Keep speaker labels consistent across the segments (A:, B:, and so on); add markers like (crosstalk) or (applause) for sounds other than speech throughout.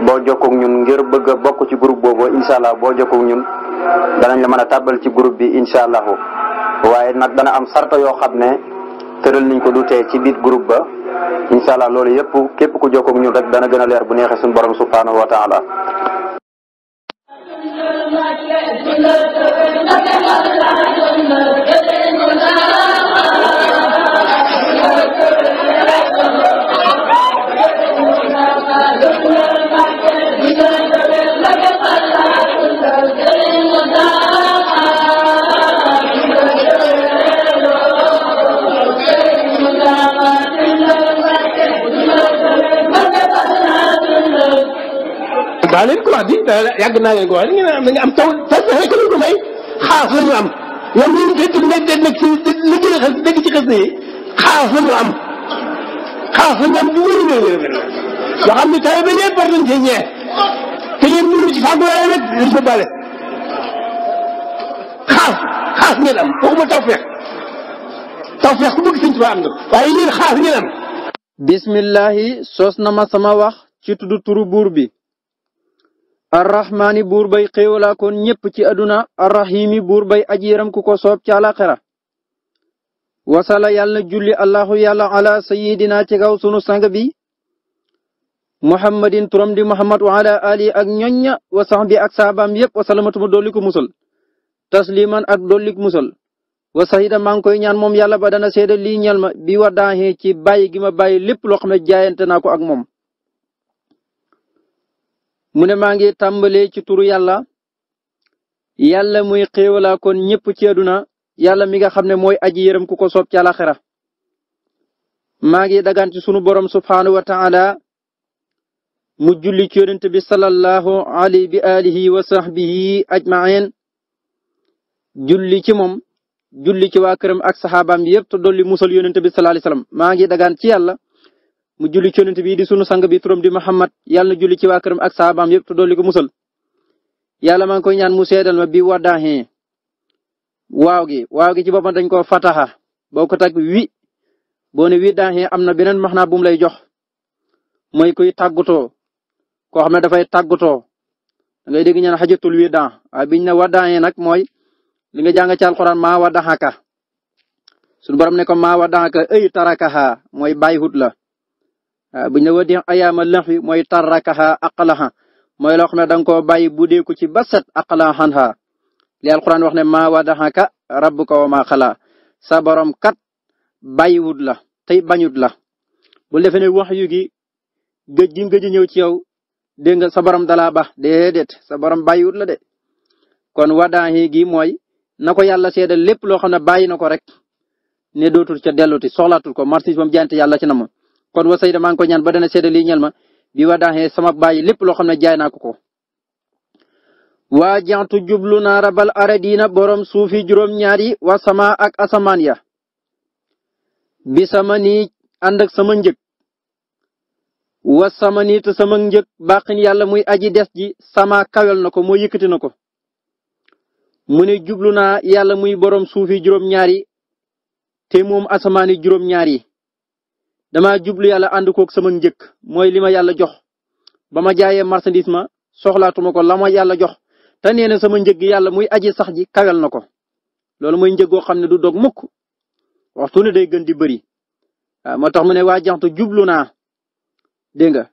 A: boo jokkoog ñun ngir bëgg a bokk ci group boobu incha allah boo jokkoog ñun danañ la mën a tàbbal ci groupe bi incha allahu waaye nag dana am sarta yoo xam ne tëral niñ ko du tee ci biir group ba incha allah loolu yëpp képp ko jokkoog ñun rek dana gën a leer bu neexee suñu borom subhanahu wa taala maa leen ko wax di yàgg naa leen ko am da nga am ko may xaas la ñu am ñoom ñu ngi fekk nekk ci a ci xas yi xaas la ñu am xaas la ñu am ne tawee ba léegi te ngeen mënul ci fàggu waaye rek dañ ko bale xaas ngeen am am na waaye yéen xaas ngeen bismillahi sos na ma sama wax ci tuddu turu buur bi. arrahmaani buur bay xéewalaa koon ñépp ci aduna arrahimi buur bay ajiram ku ko soob ci alaxira wasala yàlla na julli allahu yàlla ala sayidina ci kaw sunu sang bi muhammadin turam di muhammad wa ala ali ak ñoñña wa sahbi ak saabaam yépp wa salamatuma dolliku musal tasliman ak dollik musal wa sahida maa ngi koy ñaan moom yàlla ba dana seede lii ñal ma bi waddaaxee ci bàyyi gi ma lépp loo xam ne jaayante naa ko ak moom mu ne maa ngi tàmbalee ci turu yàlla yàlla muy xéewalaa kon ñëpp ci àdduna yàlla mi nga xam ne mooy aji yërëm ku ko soob ci àlaxira maa ngi dagaan ci sunu borom subhaanahu wa mu julli ci yonent bi sallallahu alayhi bi alihi wa sahbihi ajmain julli ci moom julli ci waa këram ak saxaabaam yëpp te dolli musal yonent bi sallallahu alayhi wa sallam maa ngi dagaan ci yàlla mu julli ci yonent bi di sunu sang bi turam di Muhammad yàlla na julli ci waa këram ak saabaam yëpp te dolli ko musal yàlla maa ngi koy ñaan mu seedal ma bi waddaaxee waaw gi waaw gi ci boppam dañ koo fataxa boo ko tag wi boo ne wi da am na beneen max naa bu mu lay jox mooy kuy tàggatoo koo xam ne dafay tàggatoo da ngay dégg ñaan wi da waaye biñ ne waddaaxee nag mooy li nga jàng ci alxuraan maa waddaxaka suñu borom ne ko maa waddaxaka ay tarakaxa mooy bàyyi hut la bu ñu la woo laxwi mooy tarrakaha aqalaha mooy loo xam ne da nga koo bàyyi bu ci basat aqala xanha li alquran wax ne maa wadaxaka rabbuka wa xala sa borom kat bàyyiwut la tey bañut la bu defee ne wax yu gi ñëw ci yow dégg nga sa borom dalaa baax déedéet sa borom bàyyiwut la de kon wadaahi gi mooy nako ko yàlla seedal lépp loo xam ne bàyyi na ko rek ne dootul ca delluti soxlaatul ko marsis bam jaante yàlla ci na moom kon wa sayda maa ngi ko ba dana seede lii ñel ma bi wa sama bàyyi lépp loo xam ne jaay ko ko waa jantu jublu naa rabal aradina borom suufi juróom-ñaar yi ak asamaan ya bi sama nii ànd sama njëg wa sama nii te sama njëg bàqin yàlla muy aji des ji sama kawel na ko moo yëkkati na ko mu ne jublu naa yàlla muy borom suufi juróom-ñaar yi te moom asamaan yi damaa jublu yàlla ànd koog sama njëkk mooy li ma yàlla jox ba ma jaayee marchandise ma soxlaatuma ko la ma yàlla jox te nee na sama njëg yàlla muy aji sax ji kawel na ko loolu mooy njëg goo xam ne du dog mukk waxtu ne day gën di bari waaw moo tax mu ne waa jaxtu jublu naa dégg nga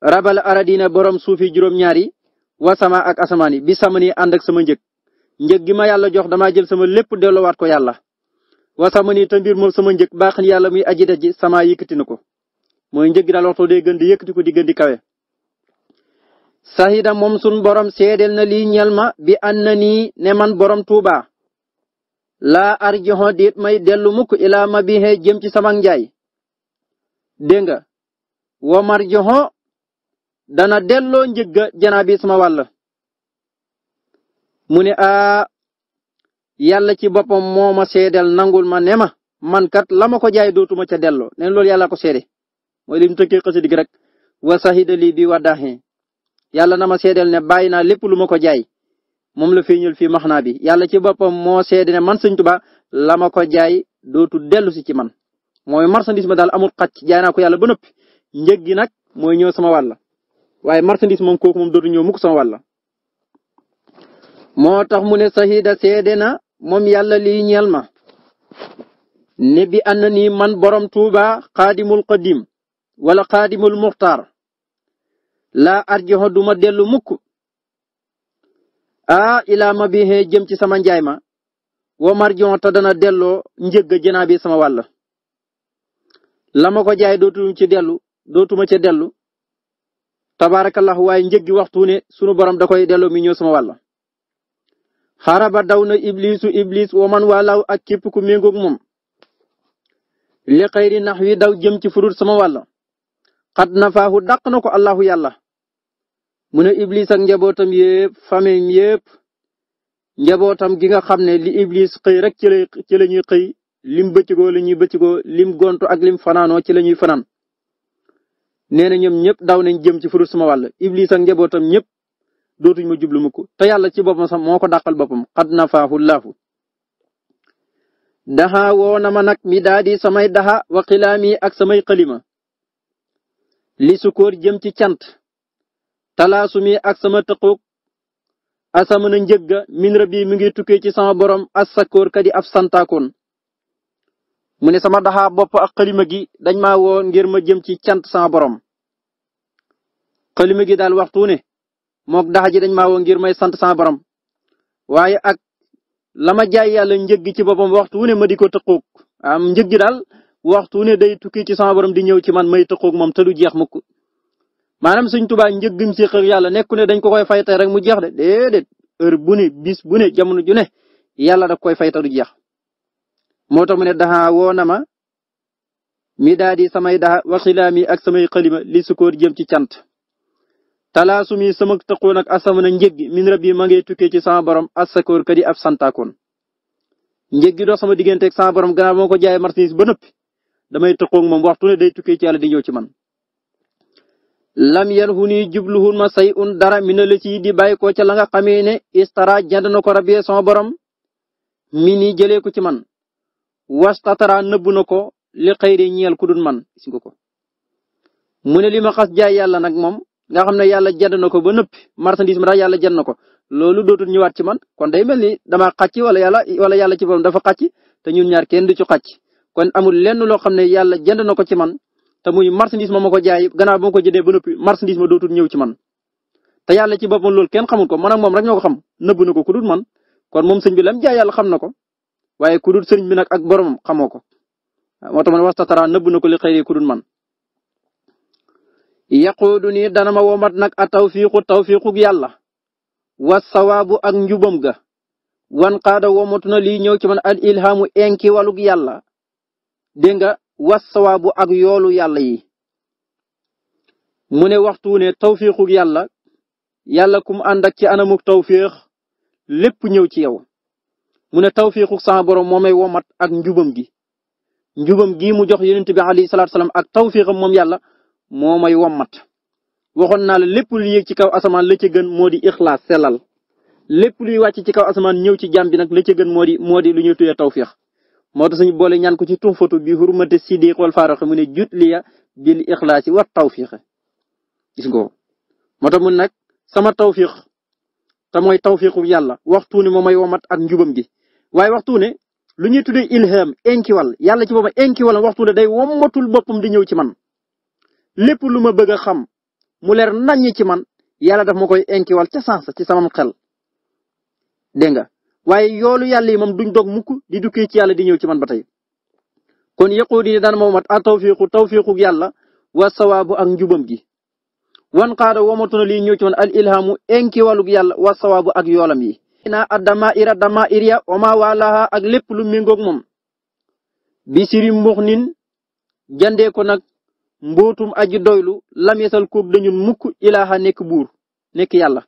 A: rabal aradina borom suuf yi juróom-ñaar wa sama ak asamaan yi bi sama nii ànd ak sama njëg njëg gi ma yàlla jox damaa jël sama lépp delloowaat ko yàlla wasaama ni te mbir moom sama njëg ba na yàlla muy aji daji sama yëkkati na ko mooy njëg daal waxtu day gën di yëkkati ko di gën kawe. Sahida moom sun borom seedeel na lii ñel ma bi an na nii ne man borom Touba. laa arjixo diit may dellu mukk ilaa ma bixe jëm ci sama njaay dégg nga wa marjixo dana delloo njëgga janaa bi sama wàll mu a yàlla ci boppam moo ma seedeel nangul ma ne ma man kat la ma ko jaay dootuma ca delloo nee loolu yàlla ko seede mooy li mu tëkkee xasida gi rek wa sahida lii bi waddaxee yàlla na ma seedeel ne bàyyi naa lépp lu ma ko jaay moom la feeñal fii max naa bi yàlla ci boppam moo seede ne man sëñ Tuubaa la ma ko jaay dootu dellu si ci man mooy marchandise ma daal amul xàcc jaay naa ko yàlla ba noppi njëg gi nag mooy ñëw sama wàll waaye marchandise moom kok moom dootu ñëw mukk sama wàll moo tax moom yàlla lii ñeel ma ne bi ànd man borom tuuba xaadimul qadim wala xaadimul muxtaar laa arjoxo duma dellu mukk aa ilaa bi xee jëm ci sama njaay ma wa marjoxo dana delloo njëgg jënaa bi sama walla la ko jaay dootuma ci dellu dootuma ci dellu tabaarakallahu waaye njëggi waxtu ne sunu borom da koy delloo mi ñëw sama wàll xaraba daw na iblisu iblis wa man walaw ak képp ku méngoog moom li xayri nax wi daw jëm ci furut sama wàll xat na faahu dàq na ko allahu yàlla mu ne iblis ak njabootam yépp famem yépp njabootam gi nga xam ne li iblis xëy rek ci la ci la ñuy xëy lim bëccëgoo la ñuy bëccëgoo lim gontu ak lim fanaanoo ci la ñuy fanaan nee na ñoom ñëpp daw nañ jëm ci furut sama wàll iblis ak njabootam ñëpp dootuñ ma jublu mukk te yàlla ci boppam sax moo ko dàqal boppam xad na faahu laafu daxa woo na ma nag mi daa di samay daxa wa xilaami ak samay xalima li sukóor jëm ci cant talaasu talaasumi ak sama tëquuk asamana njëgga min rabbi mu ngi tukkee ci sama boroom ak sakkoor kadi ab santaakoon mu ne sama daxaa bopp ak xalima gi dañ ma woo ngir ma jëm ci cant sama boroom xalima gi daal waxtu ne mook daxa ji dañ maa ngir may sant sama borom waaye ak lama ma jaay yàlla njëg ci boppam waxtu wu ne ma di ko tëqoog am njëg gi daal waxtu wu ne day tukki ci sama borom di ñëw ci man may tëqoog moom te du jeex mukk maanaam Sëñ Tuubaa njëg gi mu séq yàlla nekku ne dañ ko koy fayte rek mu jeex de déedéet heure bu bis bu ne jamono ju ne yàlla da koy fayta du jeex moo tax mu ne daxa woo na ma mi daal di samay daxa waxilaami ak samay xalima li sukkoor jëm ci cant talaasumi sama tëqoon ak asamana njëg gi min rabbi ma ngay tukkee ci sama borom asakoor kadi ab santaakoon njëg gi dox sama digganteeg sama borom gannaaw moo ko jaay marchandise ba nëppi damay tëqoog moom waxtu ne day tukkee ci yàlla di ñëw ci man. lam yalhuni jubluhun ma say un dara mi na la di bàyyi ko ca la nga xamee ne istara jënd na ko rab rabbi sama borom mi ni jëlee ko ci man wastatara nëbbu na ko li xëy de ñeel ku dul man ko. mu ne li nag moom. nga xam ne yàlla jënd na ko ba noppi marchandise ma daal yàlla jënd na ko loolu dootu ñëwaat ci man kon day mel ni damaa xàcc wala yàlla wala yàlla ci boppam dafa xàcc te ñun ñaar kenn du ci xàcc kon amul lenn loo xam ne yàlla jënd na ko ci man te muy marchandise ma ma ko jaay gannaaw ba ma ko jëndee ba nëppi marchandise ma dootul ñëw ci man. te yàlla ci boppam loolu kenn xamul ko man ak moom rek ñoo ko xam nëbbu na ko ku dul man kon moom sëñ bi lam jaay yàlla xam na ko waaye ku dul sëriñ bi nag ak borom xamoo ko moo tax man wastataraa nëbbu na ko li xëy ku man yaquudu nii dana ma womat nag a tawfiiqu tawfiiqug yàlla wa sawaabu ak njubam ga wan qaada womatu na li ñëw ci man al ilhaamu enki walug yàlla dégg nga wa sawaabu ak yoolu yàlla yi mu ne waxtu ne tawfiiqug yàlla yàlla kum ànd ak ci anamuk tawfiix lépp ñëw ci yow mu ne tawfiixug sama borom moo may womat ak njubam gi njubam gi mu jox yonent bi alayhi salaatu salaam ak tawfiixam moom yàlla moo may wommat waxoon naa la lépp lu yéeg ci kaw asamaan la ca gën moo di ixlaas selal lépp luy wàcc ci kaw asamaan ñëw ci jàmm bi nag la ca gën moo di moo di lu ñuy tuye tawfiix moo tax suñu boole ñaan ko ci tuxfatu bi hurmati sidiq wal faarox mu ne jut liya bil ixlaasi wa tawfiix gis nga moo tax nag sama tawfiix te mooy tawfiixu yàlla waxtu ni moom may womat ak njubam gi waaye waxtu ne lu ñuy tuddee ilham inkiwal yàlla ci boppam inkiwal waxtu ne day womatul boppam di ñëw ci man lépp lu ma bëgg a xam mu leer naññ ci man yàlla daf ma koy inkiwal ca sens ci sama xel dégg nga waaye yoolu yàlla yi moom duñ dog mukk di dukkee ci yàlla di ñëw ci man ba tey kon yaquudi ni daan moomat a tawfiqu tawfiqu yàlla wa sawaabu ak njubam gi wan xaada womatu na lii ñëw ci man al ilhamu inkiwalug yàlla wa sawaabu ak yoolam yi naa addama ira dama iria oma waalaha ak lépp lu méngoog moom bi siri mbux nin jandee ko nag mbootum aji doylu lam yesal koob mukk ilaaha nekk buur nekk yàlla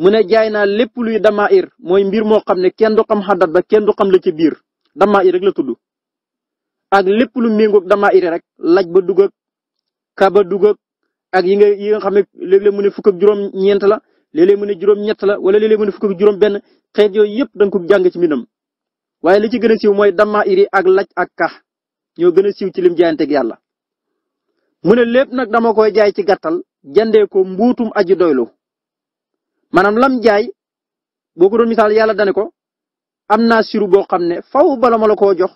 A: mu ne jaay naa lépp luy dama ir mooy mbir moo xam ne kenn du xam xaddat ba kenn du xam la ci biir dama ir rek la tudd ak lépp lu méngoog dama ir rek laj ba dugg ak ka ba dugg ak yi nga yi nga xam ne léeg mu ne fukk ak juróom ñeent la léeg-léeg mu ne juróom ñett la wala léeg-léeg mu fukk ak juróom benn xeet yooyu yëpp danga ko jàng ci mbindam waaye li ci gën a siiw mooy dama iri ak laj ak ka ñoo gën a siiw ci lim jaayanteeg yàlla mu ne lépp nag dama koy jaay ci gàttal jëndee ko mbuutum aji doylu maanaam lam jaay boo ko doon misaal yàlla dane ko am naa siru boo xam ne faw bala ma la koo jox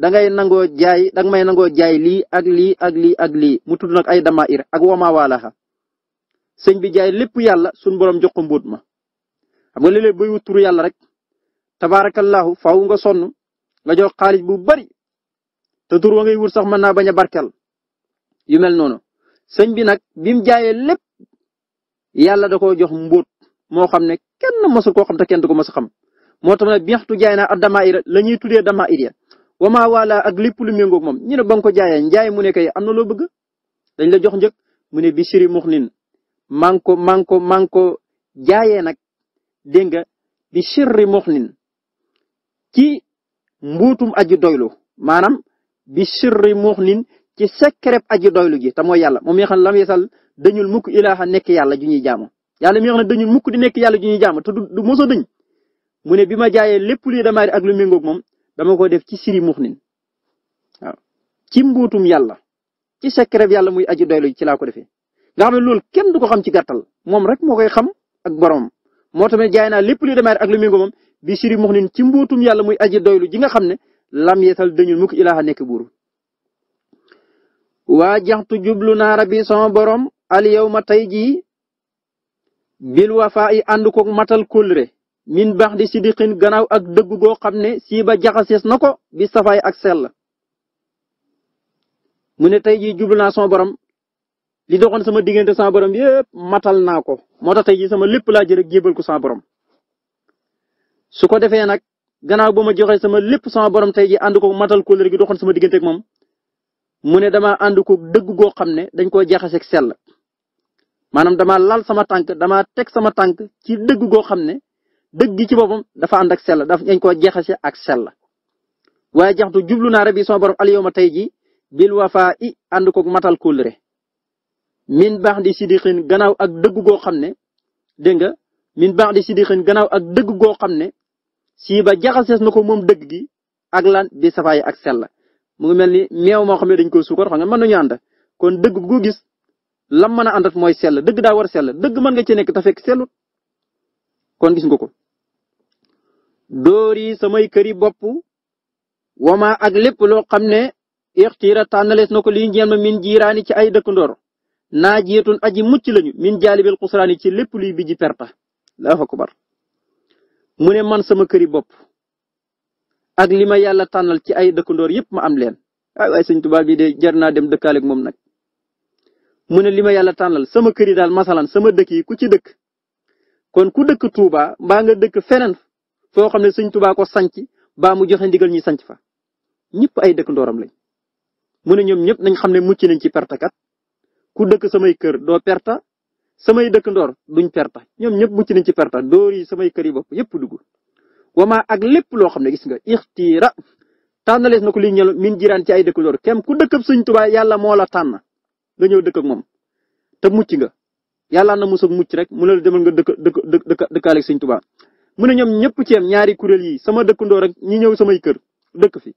A: da ngay nangoo jaay da nga may nangoo jaay lii ak lii ak lii ak lii mu nag ay dama ir ak wama waalaxa sëñ bi jaay lépp yàlla suñ borom jox ko mbuut ma xam nga léeg-léeg yàlla rek tabaarakallaahu faw nga sonn nga jox xaalis bu bari te tur wa ngay wut sax mën naa bañ a barkel yu mel noonu sëñ bi nag bim jaayee lépp yàlla da koo jox mbóot moo xam ne kenn mosu koo xam te kenn du ko mos a xam moo tax nag biaxtu jaay naa ak damaa ira la ñuy tuddee damaa ira wama wala ak lépp lu méngoog moom ñu ne ba nga ko jaayee njaay mu ne kay am na loo bëgg dañ la jox njëg mu ne bi siri muxnin maa ngi ko maa ngi ko maa ngi ko jaayee nag dégg nga bi sirri muxnin ci mbuutum aji doylu maanaam bi sirri muxnin ci sekkereb aji doylu ji te mooy yàlla moom mi xam lam yesal dañul mukk ilaaha nekk yàlla ju ñuy jaamu yàlla mi xam ne dañul mukk di nekk yàlla ju ñuy jaamu te du mos a dëñ mu ne bi ma jaayee lépp lii damaa di ak lu méngoog moom dama ko def ci siri muxnin waaw ci mbuutum yàlla ci sekkereb yàlla muy aji doylu ci laa ko defee nga xam loolu kenn du ko xam ci gàttal moom rek moo koy xam ak borom moo tamit jaay naa lépp lii damaa di ak lu méngoog moom bi siri nin ci mbuutum yàlla muy aji doylu ji nga xam ne lam yesal dañul mukk ilaaha nekk buuru waa jaxtu jublu naa rabbi sama borom al yow ma tey jii bil wafa yi ànd ko matal kóllëre min baax di sidiqin gannaaw ak dëgg goo xam ne sii ba jaxasees na ko bi safaay ak sell mu ne tey jii jublu naa sama borom li doxoon sama diggante sama borom yépp matal naa ko moo tax tey jii sama lépp laa jërë jébal ko sama borom suko ko defee nag gannaaw ba ma joxee sama lépp sama borom tey jii ànd ko matal kóllëre gi doxoon sama diggante ak mu ne damaa ànd ko dëgg goo xam ne dañ koo jaxaseeg sell maanaam dama lal sama tànk dama teg sama tànk ci dëgg goo xam ne dëgg gi ci boppam dafa ànd ak sell daf dañ koo jaxase ak sell waaye jaxtu jublu naa rabbi sama borom alyoma tey jii bil wafaa i ànd koog matal kóllëre min baax di sidiqin gannaaw ak dëgg goo xam ne dégg nga min baax di sidiqin gannaaw ak dëgg goo xam ne sii ba jaxasees na ko moom dëgg gi ak lan bi safaay ak sell mu ngi mel ni meew moo xam ne dañ ko suukar xam nga mën nañu ànd kon dëgg gu gis lam mën a àndat mooy sell dëgg daa war a sell dëgg mën nga ci nekk te fekk sellut kon gis nga ko. dóor yi samay këri bopp wama ak lépp loo xam ne ixtiira tànnalees na ko lii ñeel ma min jiiraani ci ay dëkkandoor naa jiitun aji mucc lañu min jaalibil xusraani ci lépp luy bijji perta laa akbar mu ne man sama këri bopp ak li ma yàlla tànnal ci ay dëkkandoor yëpp ma am leen ay waay sëñ Tuubaa de jar naa dem dëkkaaleeg moom nag mu ne li ma yàlla tànnal sama kër yi daal masalan sama dëkk yi ku ci dëkk kon ku dëkk Touba baa nga dëkk feneen foo xam ne sëñ Touba ko sanc baa mu joxe ndigal ñi sañc fa ñëpp ay dëkk ndooram lañ mu ne ñoom ñëpp nañ xam ne mucc nañ ci perte kat ku dëkk samay kër doo perte samay dëkk ndoor duñ perte ñoom ñëpp mucc nañ ci perte dóor yi samay kër yi bopp yëpp dugg wama ak lépp loo xam ne gis nga ixtiira tànnalees na ko li ñel min jiraan ci ay dëkkandoor kem ku dëkkab sëñ Tuubaa yàlla moo la tànn nga ñëw dëkk moom te mucc nga yàlla na musak mucc rek mu ne la demal nga dëkk dëkk dëkk dëkkaaleeg sëñ Tuubaa mu ne ñoom ñëpp ci am ñaari kuréel yi sama dëkkandoo rek ñi ñëw samay kër dëkk fi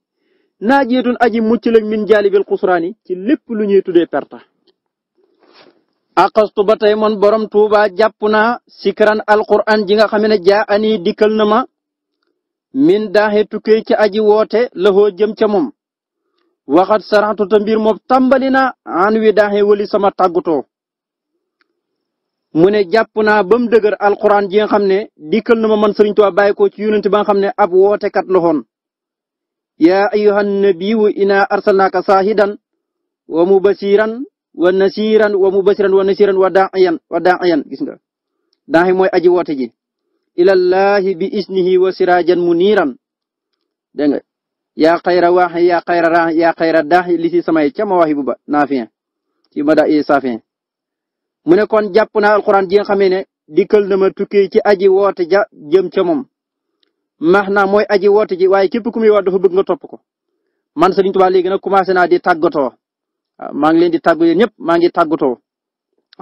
A: naajeetun aji mucc la min jaalibil xusraani ci lépp lu ñuy tuddee perta aqastu ba tey man borom Tuubaa jàpp naa sikran alquran ji nga xam ne jaa dikkal na ma min daaxe tukkee ci aji woote laxoo jëm ca moom waxat saraxtu te mbir moom tàmbali na an wi daaxe wali sama tàggatoo mu ne jàpp naa ba mu dëgër alquran ji nga xam ne dikkal na ma man Sëriñ Tuubaa ko ci yonent ba nga xam ne ab wootekat loxoon yaa ayyuhan nabiyyu inaa arsalnaaka saahidan wa mubasiran wa nasiran wa mubasiran wa nasiran wa wa daa'iyan gis mooy aji woote ji ilallahi bi isnihi wa sirajan muniran dégg nga yaa xayra waax yaa xayra raax yaa xayra daax li si samay ca ma waxi bu ba naafien ci ma da i safien mu ne kon jàpp naa alxuraan ji nga xamee ne dikkal na ma tukkee ci aji woote ja jëm ca moom max naa mooy aji woote ji waaye képp ku muy wax dafa bëgg nga topp ko man Sëriñ Tuubaa léegi nag commencé naa di tàggatoo waaw ah, maa ngi leen di tàggu ñëpp maa ngi tàggatoo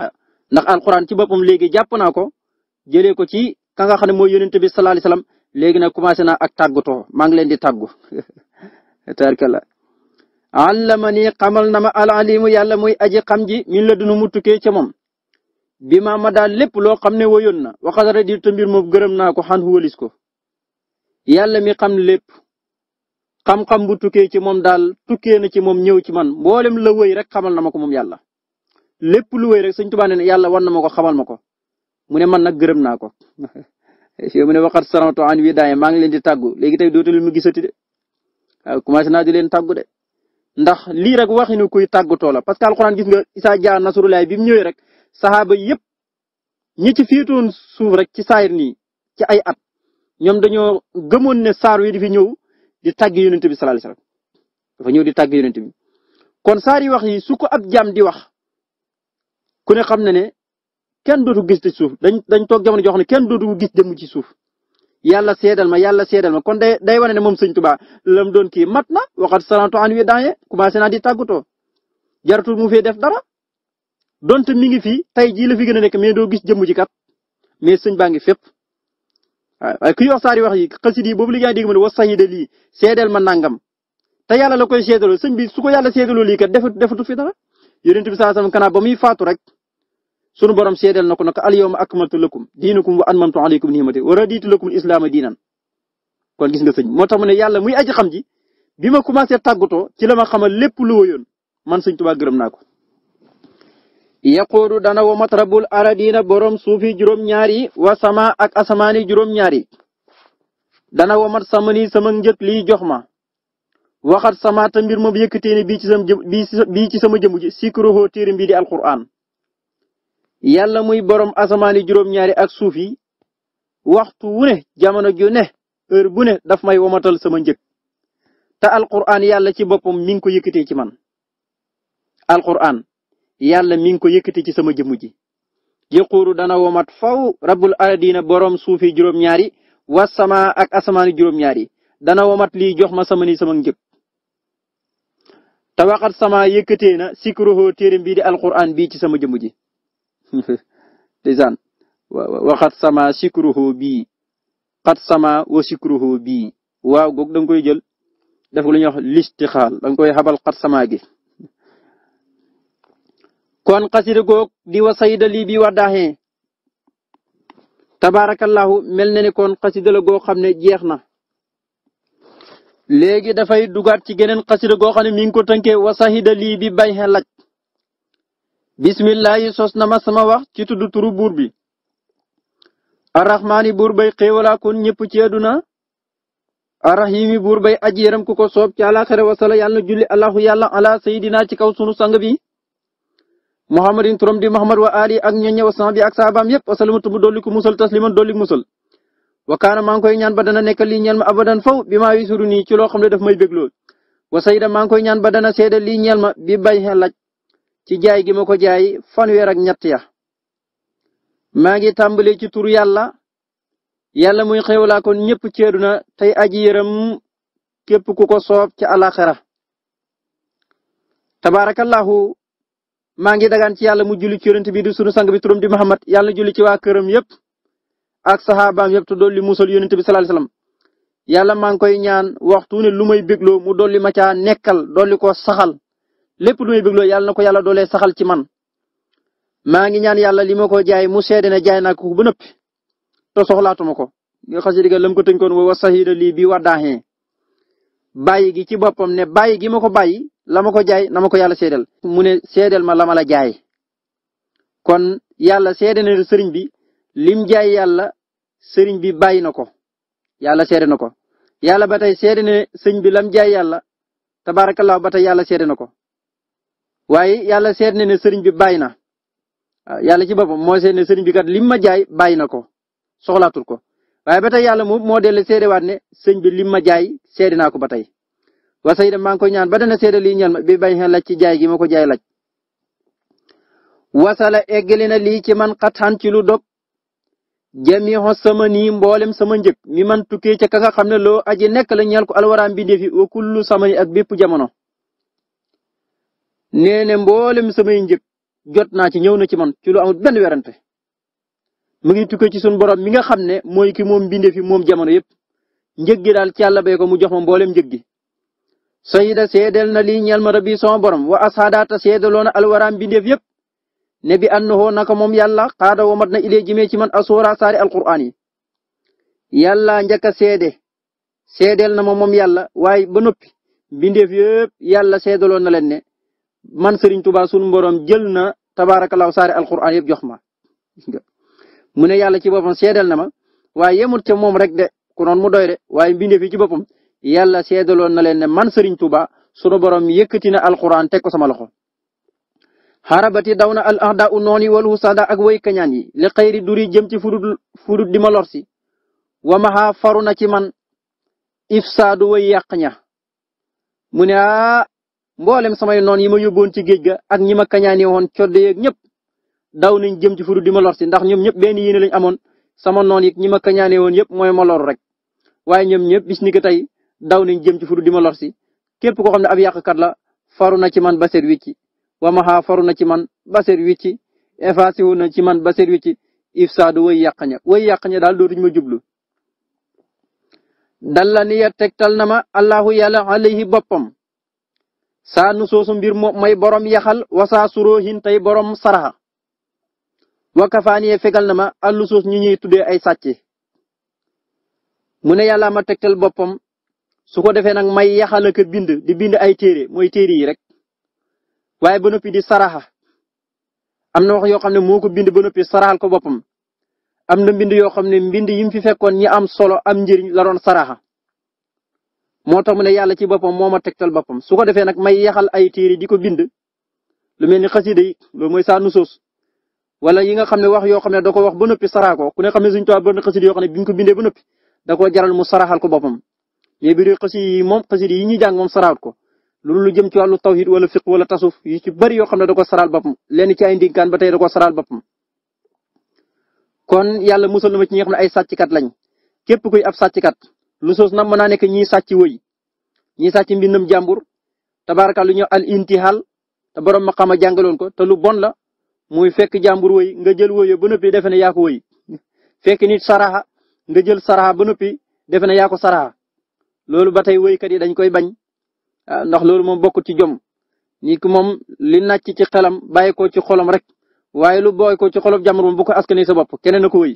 A: ah, ndax alxuraan ci boppam léegi jàpp naa ko ci ka nga xam ne mooy yonent bi sallallahu alayhi wasallam léegi nag commencé naa ak tàggatoo maa leen di tàggu (laughs) tarkala allamani xamal na ma al alimu yàlla muy aji xam ji min la dunu mu tukkee ca moom bi ma ma daal lépp loo xam ne woyoon na waxal rek di mbir moom gërëm naa ko xan walis ko yàlla mi xam lépp xam-xam bu tukkee ci moom daal tukkee na ci moom ñëw ci man mboolem la wëy rek xamal na ma ko moom yàlla lépp lu wëy rek Sëñ Tuubaa ne yàlla wan na ma ko xamal ma ko mu ne man nag gërëm naa ko Cheikh (laughs) mu ne waxat saranto an maa ngi leen di tàggu léegi tey dootu leen mu gisati de waaw commencé naa di leen tàggu ndax lii rek waxinu kuy tàggu toola parce que alxuraan gis nga isaa jaa nasrullahi bi mu ñëwee rek saxaaba yëpp ñi ci féetoon suuf rek ci saayir nii ci ay at ñoom dañoo gëmoon ne saar wi di fi ñëw di tàgg yonent bi sallallahu alayhi wasallam dafa ñëw di tàgg yonent bi kon saar yi wax yi jam ko di wax ku ne kenn dootu gis ci suuf dañ dañ toog jamono joo xam ne kenn dootu gis jëmm ci suuf yàlla seedal ma yàlla seedal ma kon day day wane ne moom sëñ Tuubaa lam don kii mat na waxat saranto an wi daaye commencé naa di tàggatoo jaratul mu fee def dara donte mi ngi fii tey jii la fi gën a nekk mais doo gis jëmm ji kat mais sëñ baa ngi fépp waaw waaye kuy wax yi xasit yi boobu li ngay ne wa sayida lii seedal ma nangam te yàlla la koy seedaloo sëñ bi su ko yàlla seedaloo lii kat defatu fi dara yonent bi saa sama kanaa ba muy rek sunu borom seedeel na ko nag al yawma akmaltu lakum diinakum wa atmamtu alaykum ni'mati wa raditu lakum al-islaama diinan kon gis nga sëñ moo tax mu ne yàlla muy aji xam ji bi ma commencé tàggatoo ci la ma xamal lépp lu woyoon man sëñ Tuubaa gërëm naa ko. yaquudu dana wa matrabul aradina borom suufi juróom-ñaar yi wa sama ak asamaani juróom ñaari dana wa mat sama nii sama njët lii jox ma. waxat sama te mbir moom yëkkatee ne bii ci sama jë bii ci sama jëmm ji sikruhoo téere mbii di alquran yàlla muy borom asamaan yi ñaari ak suuf yi waxtu wu ne jamono ju ne heure bu ne daf may womatal sama njëg te alquran yàlla ci boppam mi ngi ko yëkkatee ci man alquran yàlla mi ngi ko yëkkatee ci sama jëmm ji yëquuru dana womat faw rabbul aladina borom suufi yi juróom-ñaari wasama ak asamaani juróom-ñaari dana womat lii jox ma sama ni sama njëg te waxat sama yëkkatee na sikruhu téere bii di alquran bii ci sama jëmm ji. (laughs) ndeysaan waxat sama sikruhu bii xat sama wa sikruhu bii waaw goog da koy jël def lu ñuy wax koy xabal xat sama gi kon xasida goog di wa sayda lii bi wax daaxee tabaarakallahu mel na ni kon xasida la goo xam ne jeex na léegi dafay dugaat ci geneen xasida goo xam ne mi ngi ko tënkee bismillaahi sos na ma sama wax ci tudd turu buur bi arrahmaani buur bay xéewalaa kon ñëpp ci àdduna arrahimi buur bay aji yaram ku ko soob ci alaxira wasala a na julli allahu yàlla ala sayidina ci kaw sunu sang bi muhammadin turam di muhammad wa ali ak ñoñe wa sahbi ak saabaam yépp wasalamatu mu dolli ko musal tasliman dolli musal wa kaana maa ngi koy ñaan ba dana nekk lii ñeel ma abadan faw bi maa wisuru nii ci loo xam ne daf may bégloo wa sayida koy ñaan ba dana seede lii ñeel ma ci jaay gi ma ko jaay fanweer ak ñett ya maa ngi tàmbali ci tur yàlla yàlla muy xewlaa kon ñëpp ci àddina tey aji yërëm képp ku ko soob ci alaxira tabaarakallahu maa ngi dagaan ci yàlla mu julli ci yonent bi di sunu sang bi turam di Muhammad yàlla julli ci waa këram yëpp ak saxaabaam yëpp te dolli musal yonent bi sallallahu alayhi yàlla maa ngi koy ñaan waxtu ne lu may bégloo mu dolli ma caa nekkal dolli ko saxal lépp lu may bégloo yàlla na ko yàlla doolee saxal ci man maa ngi ñaan yàlla li ma ko jaay mu seede ne jaay naa ba nëpp to soxlaatuma ko nga xasida ga lam ko tënkoon wa sahida lii bi waddaaxee bàyyi gi ci boppam ne bàyyi gi ma ko bàyyi la ma ko jaay na ma ko yàlla seedeel mu ne seedeel ma la ma la jaay kon yàlla seede na sëriñ bi lim jaay yàlla sëriñ bi bàyyi na ko yàlla seede na ko yàlla ba tey seede ne sëriñ bi lam jaay yàlla tabaarakallaahu ba tey yàlla seede na ko waaye yàlla seet ne ne sëriñ bi bàyyi na yàlla ci boppam moo seet ne sëriñ bi kat lim ma jaay bàyyi na ko soxlaatul ko waaye ba tey yàlla moom moo dellu seedewaat ne sëñ bi lim ma jaay seede naa ko ba tey. wa sayda maa ngi koy ñaan ba dana seede lii ñal ma bi bañ xel laaj ci jaay gi ma ko jaay laaj. wasala eggali na lii ci man xataan ci lu dog. jamiho sama nii mboolem sama njëg mi man tukkee ca ka nga xam ne loo aji nekk la ñeel ko alwaraam bi ndefi wa samani ak bépp jamono. nee na mboolem samay njëg jot naa ci ñëw na ci man ci lu amul benn werante mu ngi tukkee ci sunu borom mi nga xam ne mooy ki moom bindee fi moom jamono yëpp njëg gi daal ci yàlla bay ko mu jox ma mboolem njëg gi. sayida seedeel na lii ñeel bi rabbi borom wa asxaadaata seedaloon na alwaraam bindeef yëpp ne bi annahu naka moom yàlla xaada womat na ilee jëmee ci man asura saari alquraan yi. yàlla njëkk a seede seedeel na ma moom yàlla waaye ba noppi bindeef yëpp yàlla seedaloon na leen ne man Serigne Touba sunu borom jël na tabaarakallaahu saari alquran yëpp jox ma. mu ne yàlla ci boppam seedal na ma waaye yemut ca moom rek de ku mu doy de waaye mbindeef yi ci boppam yàlla seedaloon na leen ne man Serigne Touba sunu borom yëkkati na alquran teg ko sama loxo. xarabati daw na al ahda u noon yi wal sada ak way kañaan yi li xëyri duri jëm ci fudut fudut di ma lor si. na ci man ifsaadu way yàq ña mu ne mboolem samay noon yi ma yóbboon ci géej ga ak ñi ma kañaane woon codde yeeg ñëpp daw nañ jëm ci furu di ma lor si ndax ñoom ñëpp benn yéene lañ amoon sama noon yi ñi ma kañaane woon mooy ma lor rek waaye ñoom ñëpp bis ni ko tey daw nañ jëm ci furu di ma lor si képp koo xam ne ab yàqkat la faru na ci man ba seet wicci wa maxa faru na ci man ba seet wicci effacé wu na ci man ba seet wicci ifsaadu way yàq ña way yàq ña daal dootuñ ma jublu dalla niya tegtal na ma allahu yàlla boppam saa nu mbir moom may borom yaxal wasaa suróohin tey borom saraxa wakkafaaniyee fegal na ma àllu soos ñu ñuy tuddee ay sàcc mu ne yàlla ma tegtal boppam su ko defee nag may yaxal ak bind di bind ay téere mooy téere rek waaye ba noppi di saraxa am na wax yoo xam ne moo ko bind ba noppi saraxal ko boppam am na mbind yoo xam ne mbind yi mu fekkoon ñi am solo am njëriñ la saraxa moo tax mu ne yàlla ci boppam moo ma tegtal boppam su ko defee nag may yaxal ay téere di ko bind lu mel ni xasida yi loolu mooy saa nusoos wala yi nga xam ne wax yoo xam ne da ko wax ba noppi saraako ku ne xam ne suñu tubaab benn xasida yoo xam ne bi ko bindee ba noppi da jaral mu saraxal ko boppam mais biir xasida yi moom xasida yi ñuy jàng moom saraat ko loolu lu jëm ci wàllu tawhid wala fiq wala tasuf yi ci bëri yoo xam ne da ko saral boppam lenn ci ay ndinkaan ba tey da ko saral boppam kon yàlla na ma ci ñi nga ay sàcckat lañ képp kuy ab sàcckat lu nusuus nam mën naa nekk ñiy sàcc wëy ñiy sàcc mbindam jàmbur tabaaraka lu ñu al intihal te borom ma xam a jàngaloon ko te lu bon la muy fekk jàmbur woy nga jël wëy ba noppi defe ne yaa ko fekk nit saraxa nga jël saraxa ba noppi defe ne yaa ko saraxa loolu ba tey wëykat yi dañ koy bañ ah, ndax loolu moom bokk ci jom nit ki moom li nàcc ci xelam bàyyi ko ci xolam rek waaye lu booy ko ci xolom jàmbur moom bu ko askanee sa bopp keneen na ko wëy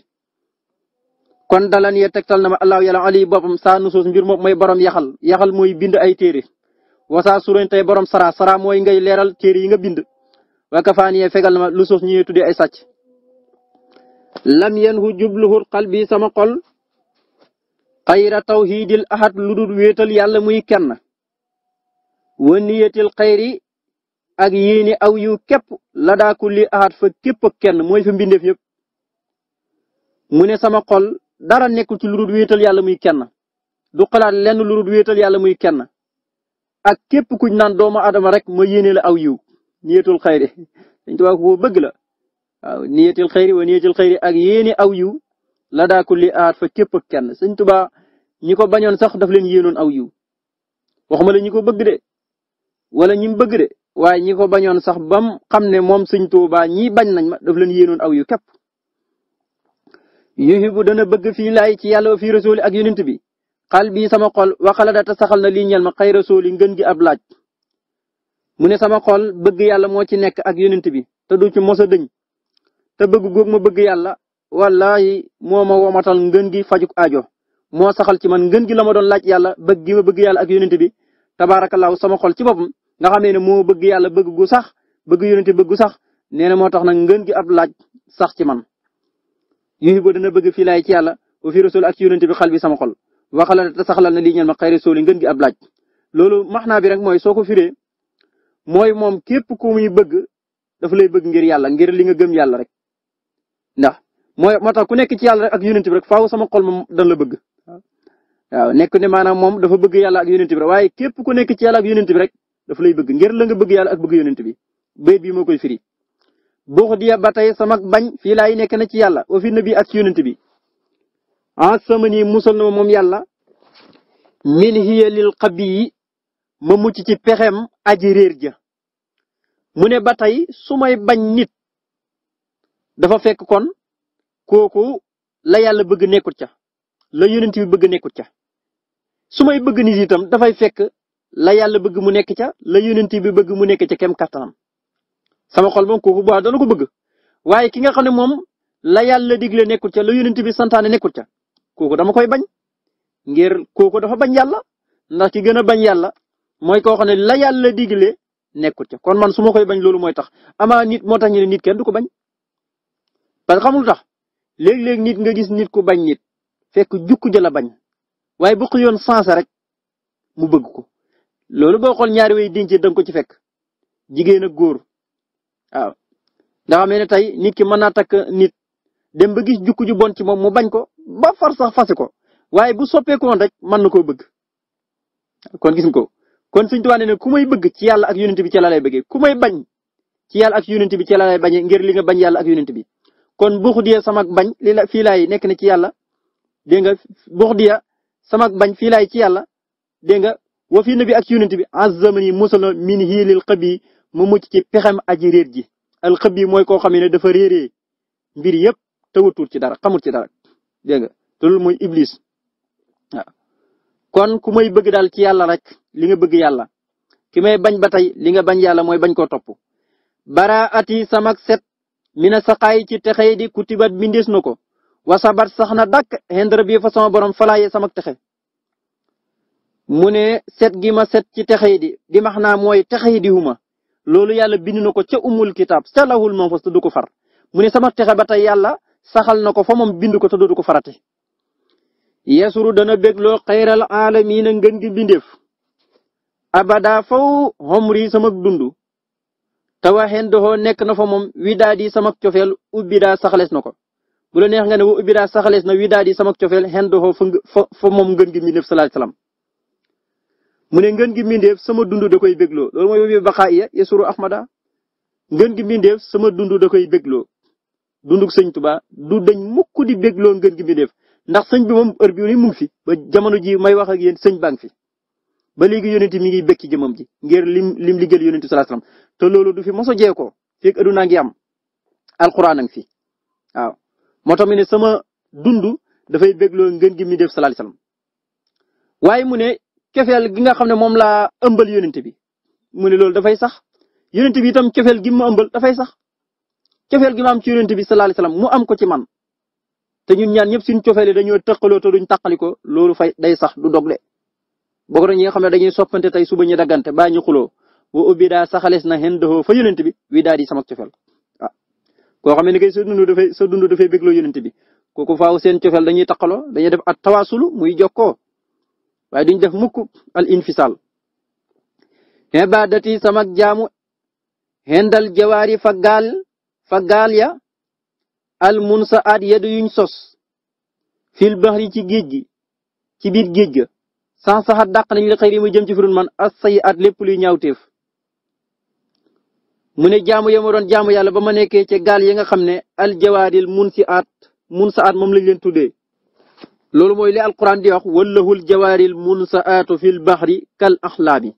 A: kon dalan yee tegtal na ma allah yàlla ali boppam saa nusuus mbir moom mooy borom yaxal yaxal mooy bind ay téere wasa suróñ tey borom sara sara mooy ngay leeral téere yi nga bind wakafaan yee fegal na ma lu suus ñuy tuddee ay sàcc lam yen hu jubluhul qalbi sama xol xayra tawhidil ahad lu dul wéetal yàlla muy kenn wa niyatil xayri ak yéene aw yu képp la daa kulli fa képp ak kenn mooy fa mbindeef yëpp mu sama xol dara nekkul ci lu dul wéetal yàlla muy kenn du xalaat lenn lu dul wéetal yàlla muy kenn ak képp kuñ naan doomu aadama rek ma yéene la aw yiw niyetul xayri dañ tubaab ko bëgg la waaw niyetul xayri wa niyetul xayri ak yéene aw yiw la daa kulli aat fa képp ak kenn sëñ Tuubaa ñi ko bañoon sax daf leen yéenoon aw yiw waxuma la ñi ko bëgg de wala ñi mu bëgg de waaye ñi ko bañoon sax bam xam ne moom sëñ Tuubaa ñii bañ nañ ma daf leen yéenoon aw yiw képp yuhibu dana bëgg fii laay ci yàlla fii rasuuli ak yonent bi xal bii sama xol waxala data saxal na lii ñel ma xay rasuuli ngën gi ab laaj mu ne sama xol bëgg yàlla moo ci nekk ak yonent bi te du ci mos a dëñ te bëgg googu ma bëgg yàlla wallahi moo ma womatal ngën gi fajuk aajo moo saxal ci man ngën gi la ma doon laaj yàlla bëgg gi ma bëgg yàlla ak yonent bi tabaarakallaahu sama xol ci boppam nga xamee ne moo bëgg yàlla bëgg gu sax bëgg yonent bëgg sax nee na moo tax nag ngën gi ab laaj sax ci man yooyu ba dana bëgg fii laay ci yàlla wa fi rasul ak ci yonente bi xal bi sama xol waxala te saxalal na lii ñeen ma xayri sooli ngën gi ab laaj loolu maxnaa bi rek mooy soo ko firee mooy moom képp ku muy bëgg dafa lay bëgg ngir yàlla ngir li nga gëm yàlla rek ndax mooy moo tax ku nekk ci yàlla rek ak yonent bi rek faaw sama xol moom la bëgg waaw nekk ne maanaam moom dafa bëgg yàlla ak yonent bi waaye képp ku nekk ci yàlla ak yonent rek dafa lay bëgg ngir la nga bëgg yàlla ak bëgg yonent bi bayit bi moo koy firi buux diya ba tey sama bañ fii laay nekk na ci yàlla wa fi bi ak ci yonent bi ah samani musal na ma moom yàlla min hiya lil xabi yi ma mucc ci pexem aji réer ja mu ne ba tey su may bañ nit dafa fekk kon kooku la yàlla bëgg nekkut ca la yonent bi bëgg nekkut ca su may bëgg nit itam dafay fekk la yàlla bëgg mu nekk ca la yonent bi bëgg mu nekk ca kem kàttanam sama xol moom kooku bu dana ko bëgg waaye ki nga xam ne moom la yàlla digle nekkul ca la yonent bi santaane nekkul ca kooku dama koy bañ ngir kooku dafa bañ yàlla ndax ki gën a bañ yàlla mooy koo xam ne la yàlla digle nekkul ca kon man su ma koy bañ loolu mooy tax ama nit moo tax ñu nit kenn du ko bañ parce que xamul tax léeg-léeg nit nga gis nit ku bañ nit fekk jukku jëla bañ waaye bu ko yoon sens rek mu bëgg ko loolu boo xool ñaari way denc da nga ko ci fekk jigéen góor waaw nga xam ne tey nit ki mën naa takk nit dem ba gis jukku ju bon ci moom mu bañ ko ba far sax fase ko waaye bu soppeeku woon rek mën na koo bëgg kon gis ko kon Sëñ Tuubaa nee na ku may bëgg ci yàlla ak yonent bi ci la lay bëggee ku may bañ ci yàlla ak yonent bi ci la lay bañee ngir li nga bañ yàlla ak yonent bi kon buxdiya sama bañ li la fii laay nekk na ci yàlla dégg nga buxdiya sama bañ fii laay ci yàlla ak yonent bi azamani musala min hiilil qabi mu mucc ci pexem aji réer ji alxëb yi mooy koo xam ne dafa réeree mbir yëpp te wutul ci dara xamul ci dara dégg nga te loolu mooy iblis kon ku may bëgg daal ci yàlla rek li nga bëgg yàlla ki may bañ ba tey li nga bañ yàlla mooy bañ koo topp baraati samak set mina saxaay ci texe di kutibat bindees na ko wasabat sax na dàkk xendra bi fa sama borom falaaye samak texe mu ne set gi ma set ci texe di di max naa mooy texe yi di huma loolu yàlla bind na ko ca umul kitaab ca lawhul mahfuz te du ko far mu ne sama texe ba tey yàlla saxal na ko fa moom bind ko te dootu ko farate yasuru dana bégloo xayral aalamiina ngën gi bindeef abada fo xomri sama dund te waxeen doxoo nekk na fa moom widaa di sama cofeel ubbi daa saxalees na ko bu la neex nga ne wa ubbi daa saxalees na widaa di sama cofeel xen doxoo fa fa moom ngën gi mbindeef mu ne ngën gi mbindeef sama dund da koy bégloo loolu mooy bi baxaa iya yesuru ahmada ngën gi mbindeef sama dund da koy bégloo dundug sëñ Tuubaa du dañ mukk di bégloo ngën gi mbindeef ndax sëñ bi moom heure bii mu ngi fi ba jamono ji may wax ak yéen sëñ baa ngi fi ba léegi yonent mi ngi békki jëmam ji ngir lim lim liggéeyal yonent sallallahu alayhi wasallam te loolu du fi mos a jeekoo fekk aduna ngi am alxuraan a ngi fi waaw moo tax ne sama dund dafay bégloo ngën gi mbindeef sallallahu alayhi wasallam waaye cofeel gi nga xam ne moom laa ëmbal yonent bi mu ne loolu dafay sax yonent bi itam cofeel gi ma ëmbal dafay sax cofeel gi am ci yonent bi sallallahu alayhi wasallam mu am ko ci man te ñun ñaan ñëpp suñu cofeel yi dañoo tëqaloo te duñ tàqaliko loolu fay day sax du dogle bokk na ñi nga xam ne dañuy soppante tey suba ñu daggante baa ñu xuloo boo ubbi daa saxales na xen doxoo fa yonent bi wi daal di sama cofeel ah koo xam ne ni kay sa dund dafay sa dund dafay bégloo yonent bi kooku faaw seen cofeel dañuy taqaloo dañuy def at tawaasulu muy jokkoo waaye duñ def mukk al infisal ibadati samak jaamu hendal jawaari fa faggaal ya al munsaat yadu yuñ sos fil bahri ci géej gi ci biir géej ga sans saxat dàq nañ la xëyri mu jëm ci firun man as sayi at lépp luy ñaawteef mu ne jaamu ya ma doon jaamu yàlla ba ma nekkee ci gaal yi nga xam ne al jawaaril munsi at munsa at moom lañ leen tuddee loolu mooy li alquran di wax wallahul jawaaril munsaatu fil baxri kal axlaabi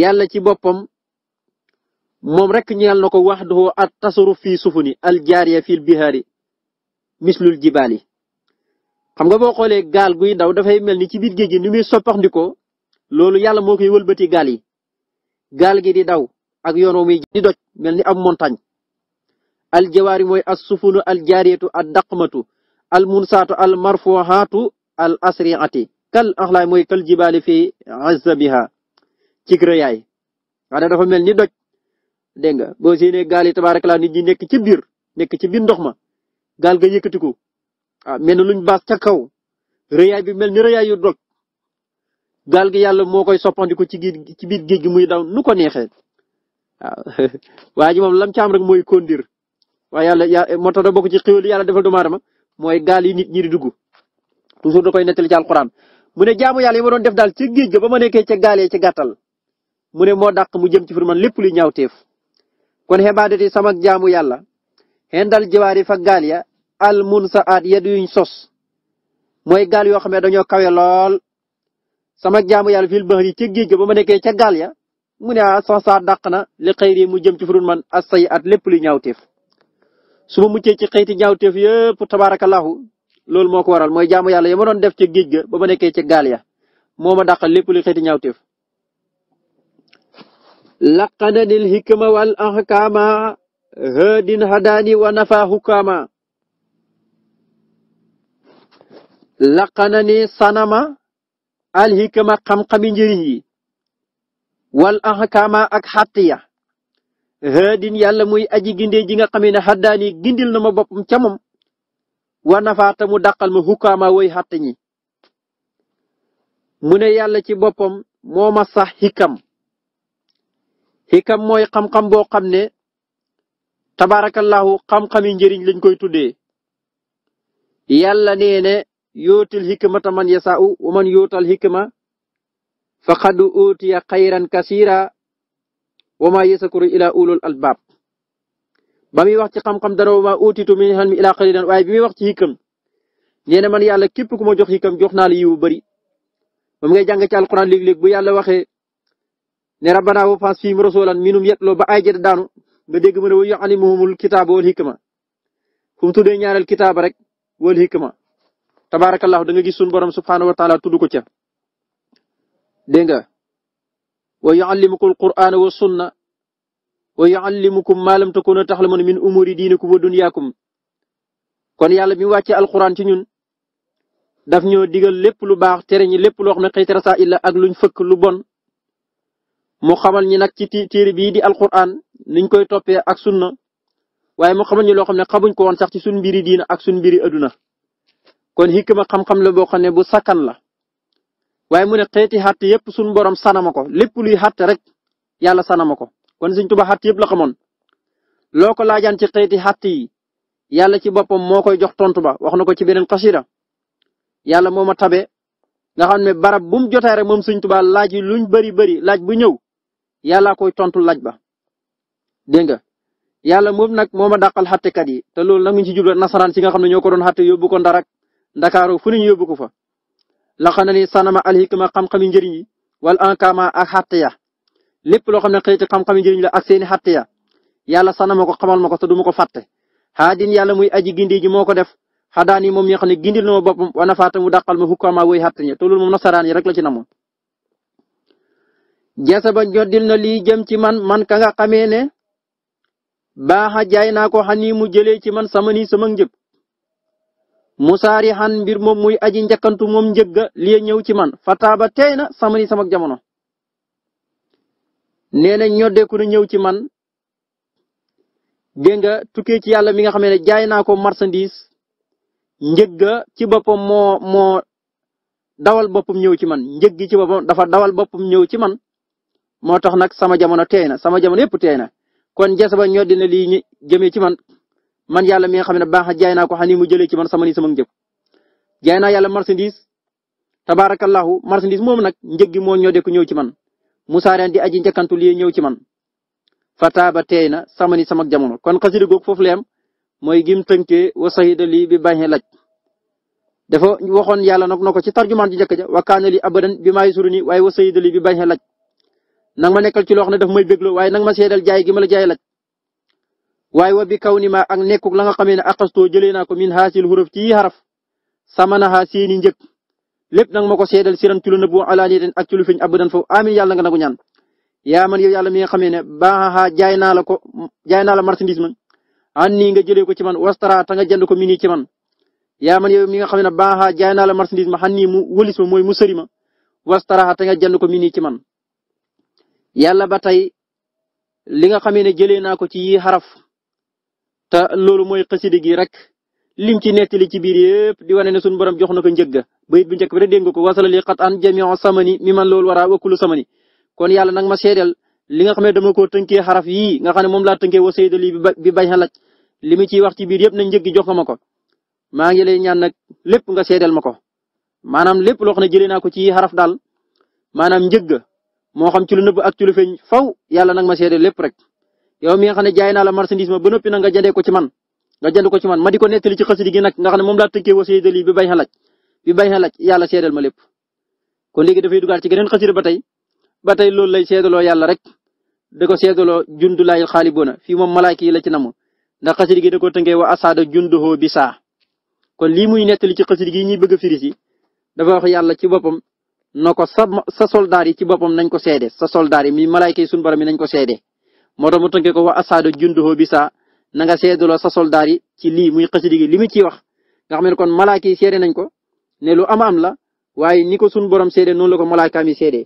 A: yàlla ci boppam moom rek ñeel na ko waxdahu at tasaruf fii sufuni al jaariya fil bihaari mislul jibaali xam nga boo xoolee gaal guy daw dafay mel ni ci biir géej gi ni muy soppaxndikoo loolu yàlla moo koy wëlbati gaal yi gaal gi di daw ak yoon wu muy mel ni ab montagne al jawaari mooy as sufunu al jaariyatu ad daqmatu al munsaatu al marfuhaatu al asriati kal axlaay mooy kal jibaali fi azabiha ci rëyaay maanaam dafa mel ni doj dégg nga boo séenee gaal yi tabaarakallaa nit ñi nekk ci biir nekk ci biir ndox ma gaal ga yëkkatiku ah mel ni luñ baas ca kaw rëyaay bi mel ni rëyaay yu doj gaal gi yàlla moo koy soppandiku ci biir ci biir géej gi muy daw nu ko neexee waaw ah, (laughs) waa ji moom lam caam rek mooy kondir waaye yàlla moo tax da bokk ci yàlla defal doomu mooy gaal yi nit ñi di dugg toujours da koy nettali ci alquran mu ne jaamu yàlla yi ma doon def daal ci géej ga ba ma nekkee ca gaal yi ci gàttal mu ne moo dàq mu jëm ci fir man lépp luy ñaawteef kon xibaadati sama jaamu yàlla jawaar yi fa gaal ya al munsaat ya yuñ sos mooy gaal yoo xam ne dañoo kawe lool sama jaamu yàlla fil bahri ci géej ga ba ma nekkee ca gaal ya mu ne ah sax saa na li xëyri mu jëm ci furun man as say at lépp luy ñaawteef su ma muccee ci xeeti ñaawteef yëpp tabaarakallahu loolu moo ko waral mooy jaamu yàlla ya ma doon def ca géej ga ba ma nekkee ci gaal ya moo ma dàqal lépp luy xeeti ñaawteef laqananil hikma wal ahkama hadin hadani wa hukama laqanani sanama al hikma xam-xami njëriñ yi wal ahkama ak xàttiya haadin yàlla muy aji gindee ji nga xamee ne xaddaani gindil na ma boppam ca wa nafaata mu dàqal ma xukkaama woy xatt ñi mu ne yàlla ci boppam moo ma sax xikam xikam mooy xam-xam boo xam ne tabaarakallahu xam-xami njëriñ lañ koy tuddee yàlla nee ne yootil xikmata man yasaa'u wa man yootal xikma faqad utiya xayran kasira wa maa yasakuru ilaa ulul albaab ba muy wax ci xam-xam dara wa maa utitu min ilmi ilaa qalilan waaye bi muy wax ci xikam nee na man yàlla képp ku ma jox xikam jox naa la yiw bu bëri. moom ngay jàng ci alquran léeg-léeg bu yàlla waxee ne rabbana wa fas fiim rasulan minum yetloo ba ay jëd daanu nga dégg mu ne wa yuallimuhumul kitaaba wal hikma fu mu tuddee ñaareel kitaaba rek wal hikma tabaarakallahu da nga gis sunu borom subhaanahu wa taala tudd ko ca dégg nga wa yuallimukum alqur'ana wa sunna wa yuallimukum ma lam takunu ta'lamuna min umuri dinikum wa dunyakum kon yàlla mi mu wàccee alquran ci ñun daf ñoo digal lépp lu baax tere ñi lépp loo xam ne xëyti rasaa'il la ak luñ fëkk lu bon mu xamal ñi nag ci téere bii di alquran niñ koy toppee ak sunna waaye mu xamal ñi loo xam ne xamuñ ko woon sax ci suñ mbiri diina ak suñ mbiri aduna kon hikma xam-xam la boo xam ne bu sakkan la waaye mu ne xeeti xàtt yépp suñu borom sanama ko lépp luy xàtt rek yàlla sanama ko kon Sëriñ Tuubaa xàtt yépp la xamoon loo ko laajaan ci xeeti xat yi yàlla ci boppam moo koy jox tontu ba wax na ko ci beneen xasida yàlla moo ma tabe nga xam ne barab bu mu jotee rek moom Sëriñ Tuubaa laaj yi luñ bari bari laaj bu ñëw yàlla koy tontu laaj ba dégg nga yàlla moom nag moo ma dàqal xàttekat yi te loolu nag ñu ci jublu nasaraan si nga xam ne ñoo ko doon xàtte yóbbu ko ndarak ndakaaru fu ñu yóbbu ko fa laxana li sanama alhikma xam-xami njëriñ yi wal ankama ak xàtt ya lépp loo xam ne xëyti xam-xami njëriñ la ak seeni xàtt ya yàlla sanama ko xamal ma ko te du ma ko fàtte xaadin yàlla muy aji gindi ji moo ko def xadaan yi moom ñi nga xam ne gindil na ma boppam wa nafaata mu dàqal ma hukkama woy xàtt ña te loolu moom rek la ci namoon jasa ba joddil na lii jëm ci man man ka nga xamee ne baaxa jaay naa ko xani mu jëlee ci man sama nii sama njëb xan mbir moom muy aji njëkkantu moom njëgga li ñëw ci man fataaba tey na samani sama jamono nee na ñoddeeku na ñëw ci man dégg nga tukkee ci yàlla mi nga xam ne jaay naa ko marchandise njëgga ci boppam moo moo dawal boppam ñëw ci man njëg gi ci boppam dafa dawal boppam ñëw ci man moo tax nag sama jamono tey na sama jamono yëpp tey na kon jasa ba ñoddi na lii ñi jëmee ci man man yàlla mi nga xam ne baax na ko xani mu jëlee ci man sama ni sama njëg jaay naa yàlla marchandise tabaarakallahu marchandise moom nag njëg moo ñoo de ñëw ci man Moussa Diagne di aji njëkkantu lii ñëw ci man ba teey na sama ni sama jamono kon xasida googu foofu la yem mooy gim tënkee wa sayida lii bi bàyyi laaj. dafa waxoon yàlla nag na ko ci tarjumaan ji njëkk ja wa kaana lii abadan bi maay suru nii waaye wa sayida lii bi bàyyi laaj nag ma nekkal ci loo xam may bégloo waaye nag ma seedal jaay gi ma la jaay waaye wa bi kaw ni ma ak nekkuk la nga xamee ne aqastoo jëlee naa ko min haasil huruf ci yi xaraf samanaha seeni njëg ma ko seedal siran ci lu nëbbu alaaniyatan ak ci lu feeñ abadan foofu amin yàlla nga nagu ñaan yaa man yow yàlla mi nga xamee ne baaxaa jaay naa la ko jaay naa la marchandise man nii nga jëlee ko ci man wastara ta nga jënd ko mini ci man yaa man yow mi nga xam ne baaxaa jaay naa la marchandise ma xan nii mu wëlis ma mooy mu sëri ma wastara ta nga jënd ko mini ci man yàlla ba tey li nga xamee ne jëlee naa ko ci yi te loolu mooy xasida gi rek lim ci nettali ci biir yëpp di wane ne suñu borom jox na ko njëgg bayit bu njëkk bi rek dégg nga ko wasala li xat an jamio samani mi man loolu wara wakkulu samani kon yàlla nag ma seedeel li nga xam ne dama koo tënkee xaraf yi nga xam ne moom laa tënkee wa saydali bi bañ a laaj li mu ciy wax ci biir yëpp na njëgg jox nga ma ko maa ngi lay ñaan nag lépp nga seedeel ma ko maanaam lépp loo xam ne jëlee naa ko ci xaraf daal maanaam njëgg moo xam ci lu ak ci lu faw yàlla nag ma seedeel lépp rek yow mi nga xam ne jaay naa la marchandise ba noppi nag nga jëndee ko ci man nga ko ci man ma di ko nettali ci xasida gi nag nga xam ne moom laa tëkkee seedali bi bay xalaaj bi bay xalaaj yàlla seedal ma lépp kon léegi dafay dugaat ci geneen xasida ba tey ba tey loolu lay seedaloo yàlla rek da ko seedaloo jundu laay xaaliboona fii moom malaayka yi la ci namu ndax xasida gi da ko tënkee wa asaada junduhoo bi saa kon lii muy nettali ci xasida gi ñuy bëgg a firi si dafa wax yàlla ci boppam na ko sa sa soldaar yi ci boppam nañ ko seede sa soldaar yi mi malaayka yi suñu mi nañ ko seede moo tax mu tënkee ko wa asaado junduhoo bi saa na nga seedaloo sa soldaar ci lii muy xasida gi li mu ciy wax nga xam ne kon malaaka yi seede nañ ko ne lu am la waaye ni ko suñu borom seede noonu la ko malaakaam yi seede